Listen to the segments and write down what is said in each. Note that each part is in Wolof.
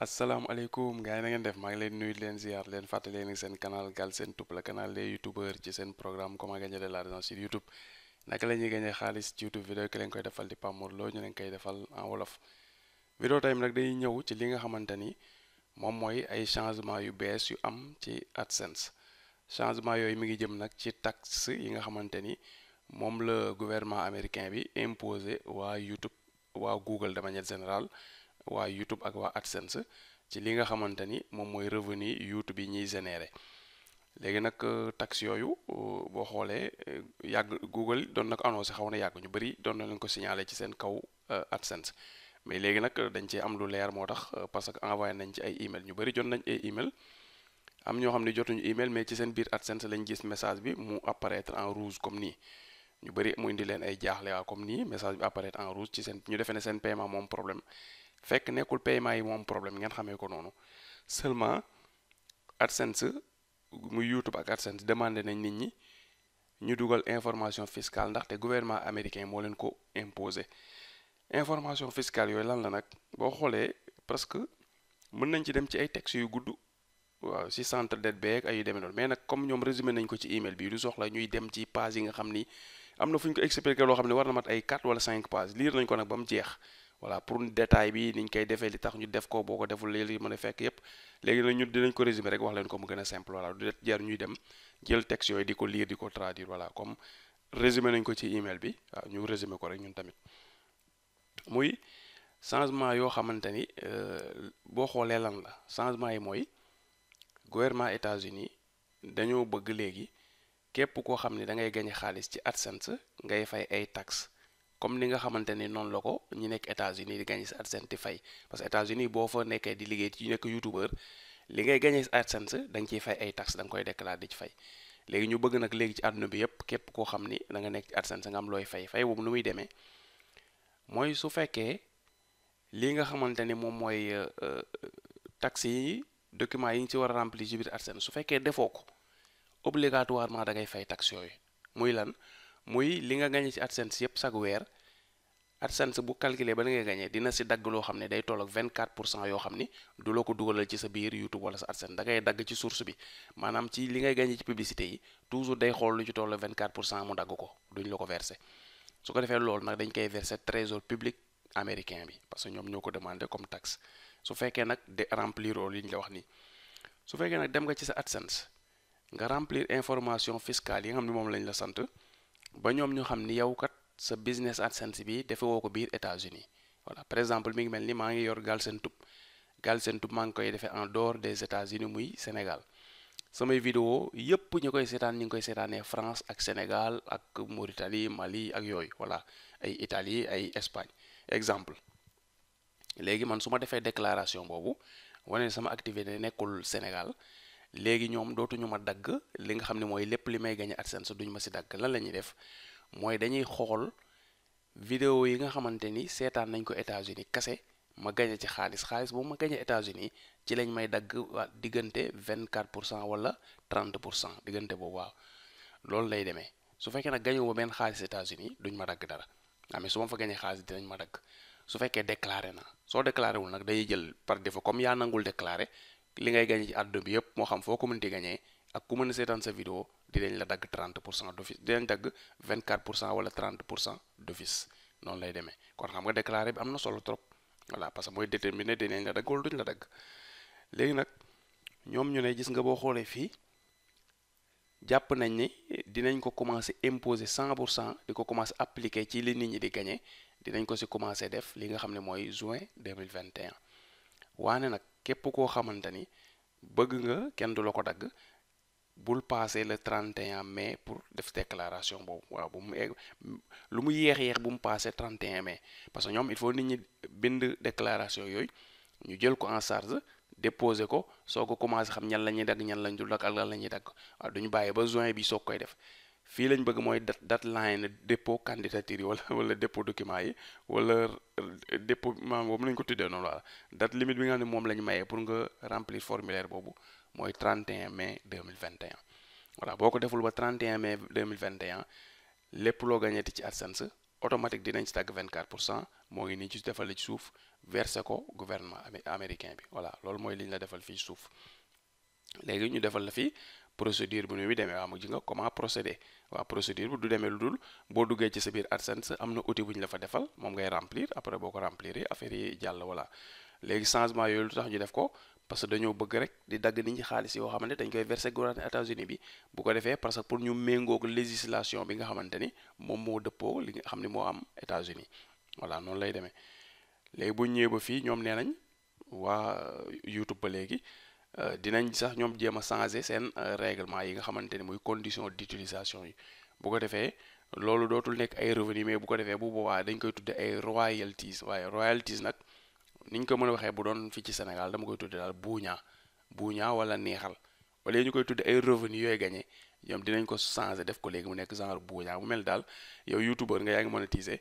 asalaamaaleykum gars yi nangeen def maa ngi leen nuyu leen ziar leen fàttali ni seen canal Galsen Tube la canal des youtubeurs ci seen programme comment gagner de l'argent sur YouTube naka la ñuy gagner xaalis ci YouTube vidéo ki leen koy defal di Pape Mor Lo ñu leen koy defal en wolof. vidéo time nag day ñëw ci li nga xamante ni moom mooy ay changement yu bees yu am ci AdSense changement yooyu mi ngi jëm nag ci taxe yi nga xamante ni moom la gouvernement américain bi imposé waa YouTube waa Google de manière générale. waa YouTube ak waa AdSense ci li nga xamante ni moom mooy revenu YouTube yi ñuy générer léegi nag euh, taxe yooyu euh, boo xoolee euh, yàgg Google doon na ko annoncé xaw na yàgg ñu bëri doon na leen ko signalé ci seen kaw AdSense mais léegi nag dañ ci am lu leer moo tax parce que envoyé nañ ci ay email ñu bëri jot nañ ay email am ñoo xam ne jotuñu email mais ci seen biir AdSense lañ gis message bi mu apparaître en rouge comme nii ñu bari mu indi leen ay jaaxle waa comme nii message bi apparaître en rouge ci seen ñu defe ne seen paiement moom problème fekk nekkul paiement yi moom problème ngeen xamee ko noonu seulement AdSense muy YouTube ak AdSense demandé nañ nit ñi ñu dugal information fiscale ndaxte gouvernement américain moo leen ko imposé information fiscale yooy lan la nag boo xoolee que mën nañ ci dem ci ay textes yu gudd waaw si centre d'être beeg ay yu demee mais nag comme ñoom résumé nañ ko ci email bi du soxla ñuy dem ci page yi nga xam ni am na fu ñu ko expliqué loo xam ne war na mat ay 4 wala 5 pages lire nañ ko nag ba mu jeex. voilà pour détail bi niñ koy defee li tax ñu def ko boo ko deful li mën a fekk yépp léegi nag ñun dinañ ko résumer rek wax leen ko mu gën a simple voilà du jar ñuy dem jël texte yooyu di ko liir di ko traduire voilà comme résumé nañ ko ci email bi waaw ñu résumé ko rek ñun tamit muy changement yoo xamante ni euh, boo xoolee lan la changement yi mooy gouvernement États-Unis dañoo bëgg léegi képp koo xam ne da ngay gañe xaalis ci AdSense ngay fay ay tax comme ni nga xamante ni noonu la ko ñi nekk états uni di gagné si AdSense di fay parce que États-Unis boo fa nekkee di liggéey ci nekk youtubeur li ngay gagné si AdSense da nga ciy fay ay taxes da nga koy déclaré di ci fay léegi ñu bëgg nag léegi ci àdduna bi yëpp képp koo xam ni da nga nekk ci AdSense nga am looy fay fay boobu nu muy demee mooy su fekkee li nga xamante ni moom mooy euh, euh, taxes yi documents yi ñu ci war a remplir ci biir AdSense su fekkee defoo ko obligatoirement da ngay fay taxes yooyu muy muy li nga gañe ci AdSense yépp chaque weer AdSense bu calculer ba li ngay gañee dina si dagg loo xam ne day toll ak 24 pour cent yoo xam ni du la ko dugalal ci sa biir YouTube wala sa AdSense da ngay dagg ci source bi maanaam ci li ngay gañe ci publicité yi toujours day xool lu ci toll 24 pour cent mu dagg ko duñ la ko verse su ko defee loolu nag dañ koy verser trésor public américain bi parce que ñoom ñoo ko demandé comme taxe su fekkee nag de remplir li ñu la wax nii su fekkee nag dem nga ci sa AdSense nga remplir information fiscale yi nga ne moom lañ la sant ba ñoom ñu xam ni yow kat sa business at AdSense bi defe woo ko biir États-Unis voilà par exemple mi ngi mel ni maa ngi yor Galsen Tube Galsen Tube maa ngi koy defee en dehors des États-Unis muy Sénégal samay vidéo yépp ñu koy seetaan ñu ngi koy seetaanee France ak Sénégal ak Mauritanie Mali ak yooyu voilà ay Italie ay Espagne exemple léegi man su ma defee déclaration boobu wane sama activité nekkul Sénégal léegi ñoom dootuñu ma dagg li nga xam ne mooy lépp li may gañ gañe AdSense duñu ma si dagg lan la ñuy def mooy dañuy xool vidéo yi nga xamante ni seetaan nañ ko États-Unis kase ma gañe ci xaalis xaalis boobu ma gañe états ci lañ may dagg waa diggante 24 pour cent wala 30 pour cent diggante boobu waaw loolu lay demee su fekkee nag gañu ma benn xaalis États-Unis duñ ma dagg dara amee ah, su ma fa gañee xaalis dinañ ma dagg su fekkee déclaré na soo déclaré wul nag day jël par défaut comme yaa nangul déclaré li ngay gagné ci àdduna bi yëpp moo xam foo ko mënti gagné ak ku mën a seetaan sa vidéo dinañ la dagg 30 pour cent d'office dinañ dagg 24 pour cent wala 30 pour lay demee kon xam nga déclaré bi am na solo trop voilà parce que mooy déterminer dinañ la dagg wala duñ la léegi nag ñoom ñu ne gis nga boo xoolee fii jàpp nañ ni dinañ ko commencer imposer cent pour cent di ko commencer appliquer ci li nit ñi di gagné dinañ ko si commencer def li nga xam ne mooy juin 2021 waane nag. képp koo xamante ni bëgg nga kenn du la ko dagg bul passé le 31 mais pour def déclaration boobu waaw bu mu egg lu mu yéex yéex bu mu passé 31 mais parce que ñoom il faut nit ñi bind déclaration yooyu ñu jël ko en charge déposer ko soo ko commencé xam ñan la ñuy dagg ñan lañ dul dagg ak lan la ñuy dagg waaw duñu bàyyi ba juin bi soog koy def fii lañ bëgg mooy dat deadline dépôt candidature yi wala wala dépôt document yi wala dépôt maanaam boobu nañ ko tuddee noonu wala date limite bi nga xam ne moom la ñu mayee pour nga remplir formulaire boobu mooy 31 mai 2021 voilà boo ko deful ba 31 mai 2021 lépp loo gañeeti ci AdSense automatique dinañ ci vingt 24 pour cent moo ngi nii ci defal ci suuf versé ko gouvernement américain bi voilà loolu mooy li la defal fii suuf léegi ñu defal la fii procédure bi nu muy demee waaw mu ji comment procéder waaw procédure bi du demee lu dul boo duggee ci sa biir AdSense am na outil bu ñu la fa defal moom ngay remplir après boo ko remplir affaire yi jàll voilà léegi changement yooyu lu tax ñu def ko parce que dañoo bëgg rek di dagg ni ñu xaalis yoo xamante dañ koy verser gouvernement États-Unis bi bu ko defee parce que pour ñu méngoog législation bi nga xamante ni moom moo dëppoo li nga xam ne moo am États-Unis voilà noonu lay demee léegi bu ñëwee ba fii ñoom nee nañ waa YouTube ba léegi Euh, dinañ sax ñoom jéem a changer seen euh, réglement yi nga xamante ni muy condition d'utilisation yi bu ko defee loolu dootul nekk ay revenu mais bu ko defee bu boobaa dañ koy tudde ay royalties waaye royalties nag niñ ko mën a waxee bu doon fii ci Sénégal dama koy tudde daal buuñaa buuñaa wala neexal wala ñu koy tudde ay revenu yooyu gagné ñoom dinañ ko changer def ko léegi mu nekk genre buuñaa mu mel daal yow youtubeur nga yaa ngi monétiser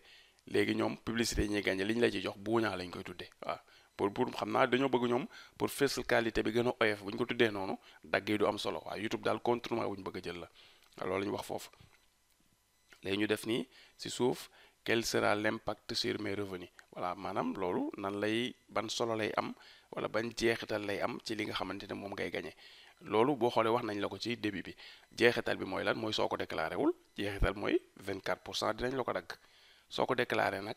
léegi ñoom publicité yi li ñu la ci jox buuñaa lañ koy tudde waaw pour pour xam naa dañoo bëgg ñoom pour fésal qualité bi gën a oyof bu ñu ko tuddee noonu daggee du am solo waaye YouTube daal contournement bu ñu bëgg a jël la loolu la ñu wax foofu léegi ñu def nii si suuf quel sera l'impact sur mes revenus maanaam loolu nan lay ban solo lay am wala ban jeexital lay am ci li nga xamante ne moom ngay gañe loolu boo xoolee wax nañ la ko ci début bi jeexital bi mooy lan mooy soo ko déclaré wul jeexital mooy 24 pour cent dinañ la ko dagg soo ko déclaré nag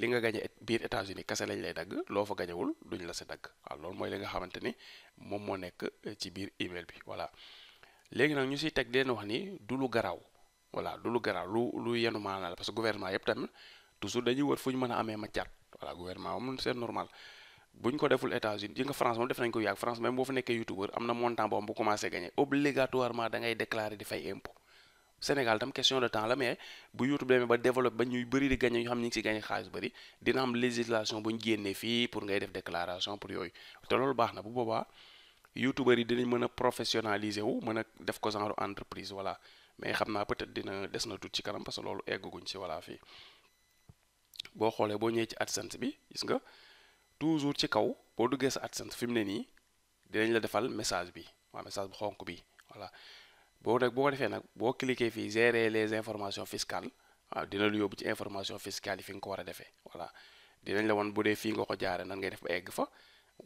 li nga gañe biir États-Unis kese lañ lay dagg loo fa gañewul duñ la si dagg waaw loolu mooy li nga xamante ni moom moo nekk eh, ci biir email bi voilà léegi nag ñu siy teg deen wax ni du lu garaaw voilà du lu garaaw lu lu yenu maanaa la parce que gouvernement yëpp tamit toujours dañuy wër fu ñu mën a amee matière voilà gouvernement moom c'est normal buñ ko deful États-Unis yi nga France moom def nañ ko yàgg France même boo fa nekkee youtubeur am na Sénégal tam question de temps la mais bu YouTube demee ba développé ba ñuy bëri di gagné ñu xam ñu ngi si gagné xaalis bëri dina am législation bu ñu génnee fii pour ngay def déclaration pour yooyu te loolu baax na bu boobaa youtubeurs yi dinañ mën a professionnaliser wu mën a def ko genre entreprise voilà mais xam naa peut-être dina des na tuuti ci kanam parce que loolu eggaguñ si voilà fii boo xoolee boo ñëwee ci AdSense bi gis nga toujours ci kaw boo duggee sa AdSense fi mu ne nii dinañ la defal message bi waa message bu xonk bi voilà boo nag boo ko defee nag boo cliquer fii gérer les informations fiscales waaw dina lu yóbbu ci information fiscale yi fi nga ko war a defee voilà dinañ la wan bu dee fii nga ko jaaree nan ngay def ba egg fa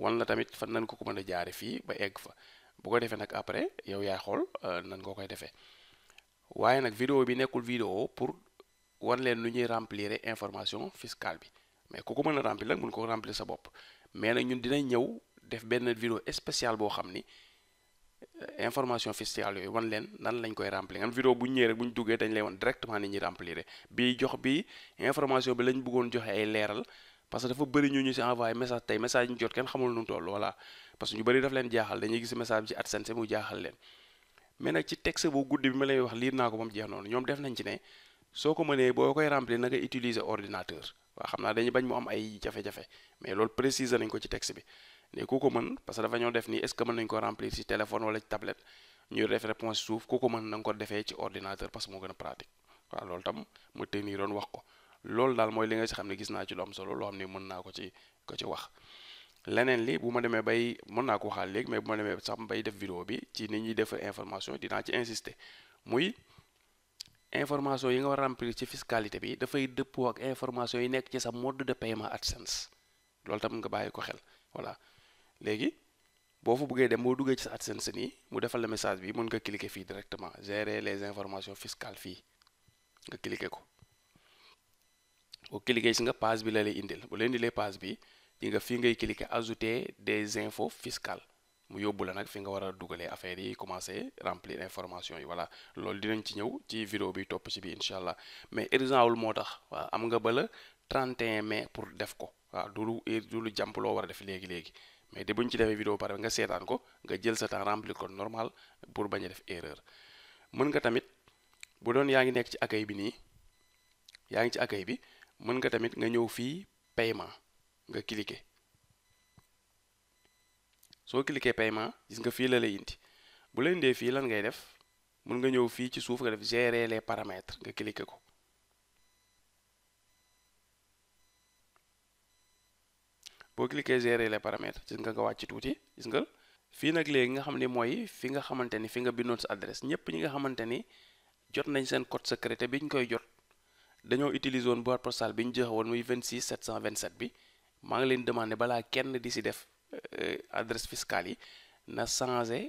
wan la tamit fan nan ko ko mën a jaare fii ba egg fa bu ko defee nag après yow yaay xool euh, nan nga koy defee waaye nag vidéo bi nekkul vidéo pour wan leen lu ñuy remplir information fiscale bi mais ku ko mën a remplir nag mun ko remplir sa bopp mais nag ñun dinañ ñëw def benn vidéo spéciale boo xam ni information fiscale yooyu wan leen nan lañ koy remplir am vidéo bu ñu ñëwee rek bu duggee dañ lay wan directement ni ñuy remplir bii jox bi information bi lañ bëggoon joxe ay leeral parce que dafa bëri ñu ñu si envoyé message tey message ñu jot kenn xamul nu mu toll voilà parce que ñu bëri daf leen jaaxal dañuy gis message bi ci AdSense mu jaaxal leen mais nag ci texte bu guddi bi ma lay wax liir naa ko ba mu jeex noonu ñoom def nañ ci ne soo ko mënee boo koy remplir na nga ordinateur waaw xam naa dañuy bañ mu am ay jafe mais loolu préciser nañ ko ci texte bi ne ku ko mën parce que dafa ñoo def nii est-ce que mën nañu ko remplir ci téléphone wala ci tablette ñuy def réponse suuf ku ko mën na ko defee ci ordinateur parce que moo gën a pratique waaw loolu tam mu tenir doon wax ko loolu daal mooy li nga ci xam ne gis naa ci lu am solo loo xam ne mën naa ko ci ko ci wax leneen li bu ma demee bay mën naa ko waxaal léegi mais bu ma demee sax bay def vidéo bi ci ni ñuy def information dinaa ci insister muy information yi nga war a remplir ci fiscalité bi dafay dëppoo ak yi nekk ci sa mode de paiement AdSense loolu tam nga bàyyi ko xel voilà léegi boo fa bëggee dem boo duggee ci sa AdSense nii mu defal la message bi mën nga cliquer fii directement gérer les informations fiscales fii nga cliquer ko boo cliquer si nga page bi la lay indil bu la indilee page bi di nga fii ngay cliquer ajouter des infos fiscales mu yóbbu la nag fi nga war a dugalee affaire yi commencer remplir information yi voilà loolu dinañ ci ñëw ci vidéo bi topp ci bi incha allah mais urgent wul moo tax waa am nga ba la 31 mai pour def ko waaw du jàmp loo war a def léegi léegi. mais de bu ñu ci defee vidéo pare nga seetaan ko nga jël sa temps remplir ko normal pour bañ a def erreur mën nga tamit bu doon yaa ngi nekk ci accueil bi nii yaa ngi ci accueil bi mën nga tamit nga ñëw fii paiement nga cliquer soo cliquer paiement gis nga fii la la indi bu la indee fii lan ngay def mën nga ñëw fii ci suuf nga def gérer les paramètre nga cliquer ko boo cliquer gérer les paramètres nga wàcc tuuti gis nga nag léegi nga xam ne mooy fi nga xamante ni fi nga bindoon sa adresse ñëpp ñi nga xamante ni jot nañ seen code secret bi ñu koy jot dañoo utiliser woon boîte postale bi ñu joxe woon muy 26 727 bi maa ngi leen demandé balaa kenn di si def euh, adresse fiscale yi na changé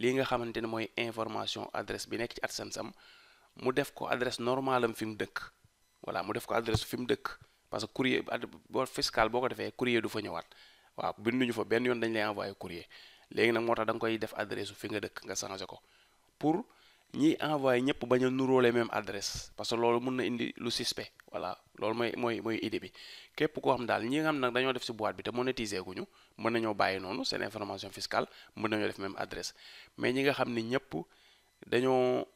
lii nga xamante ni mooy information adresse bi nekk ci sen sam mu def ko adresse normale am dëkk voilà mu def ko adresse fi mu dëkk. parce que courrier boo fiscal boo ko defee courrier du fa ñëwaat waaw binduñu fa benn yoon dañ lay envoyé courrier léegi nag moo tax da nga koy def adresse fi nga dëkk nga changé ko pour ñiy envoyé ñëpp bañ a nuróole même adresse parce que loolu mun na indi lu suspect voilà loolu mooy mooy mooy idée bi képp koo xam daal ñi nga xam nag dañoo def si boîte bi te monétiser guñu mën nañoo bàyyi noonu seen information fiscale mën nañoo def même adresse mais ñi nga xam ni ñëpp dañoo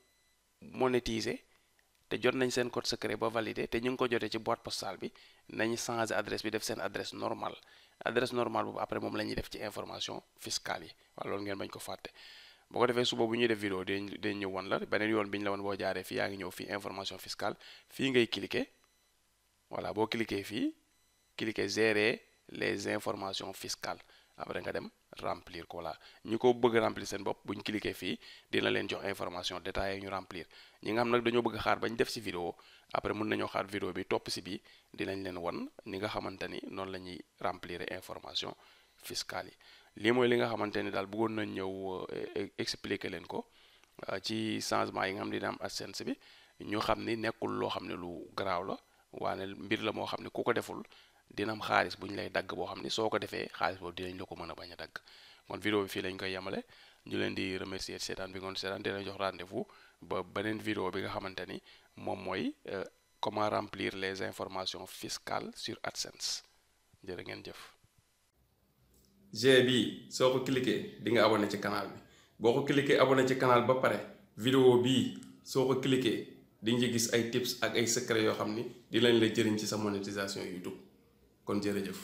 monétiser te jot nañ seen code secret ba validé te ñu ngi ko jotee ci boîte postale bi nañu changé adresse bi def seen adresse normale adresse normale boobu après moom la ñuy def ci information fiscale yi waaw loolu ngeen bañ ko fàtte boo ko defee suba bu ñuy def vidéo dinañ dinañ ñëw wan la beneen yoon bi ñu la wan boo jaaree fii yaa ngi ñëw fii information fiscale fii ngay cliquer voilà boo cliquer fii cliquer gérer les information fiscales après nga dem remplir ko voilà ñi ko bëgg remplir seen bopp bu ñu cliquer fii dina leen jox information détaillée ñu remplir ñi nga xam nag dañoo bëgg xaar bañ def ci vidéo après mën nañoo xaar vidéo bi topp ci bii dinañ leen wan ni nga xamante ni noonu la ñuy remplir information fiscale yi lii mooy li nga xamante ni daal bëggoon nañ ñëw euh, e-, expliquer leen ko euh, ci changement yi nga xam ne dina am AdSense bi ñu xam ni nekkul loo xam ne lu garaaw la waane mbir la moo xam ne ku ko deful dinam xaalis bu ñu lay dagg boo xam ni soo ko defee xaalis boobu dinañ la ko mën a bañ a dagg kon vidéo bi fii lañ koy yemale ñu leen di remercier seetaan bi ngoon seetaan dina jox rendez-vous ba beneen vidéo bi nga xamante ni moom mooy euh, comment remplir les informations fiscales sur AdSense jërë ngeen jëf G bi soo ko cliquer di nga na ci canal bi boo ko cliquer na ci canal ba pare vidéo bi soo ko cliquer di nga gis ay tips ak ay secret yoo xam ni di lañ la jëriñ ci sa monétisation YouTube kon jërëjëf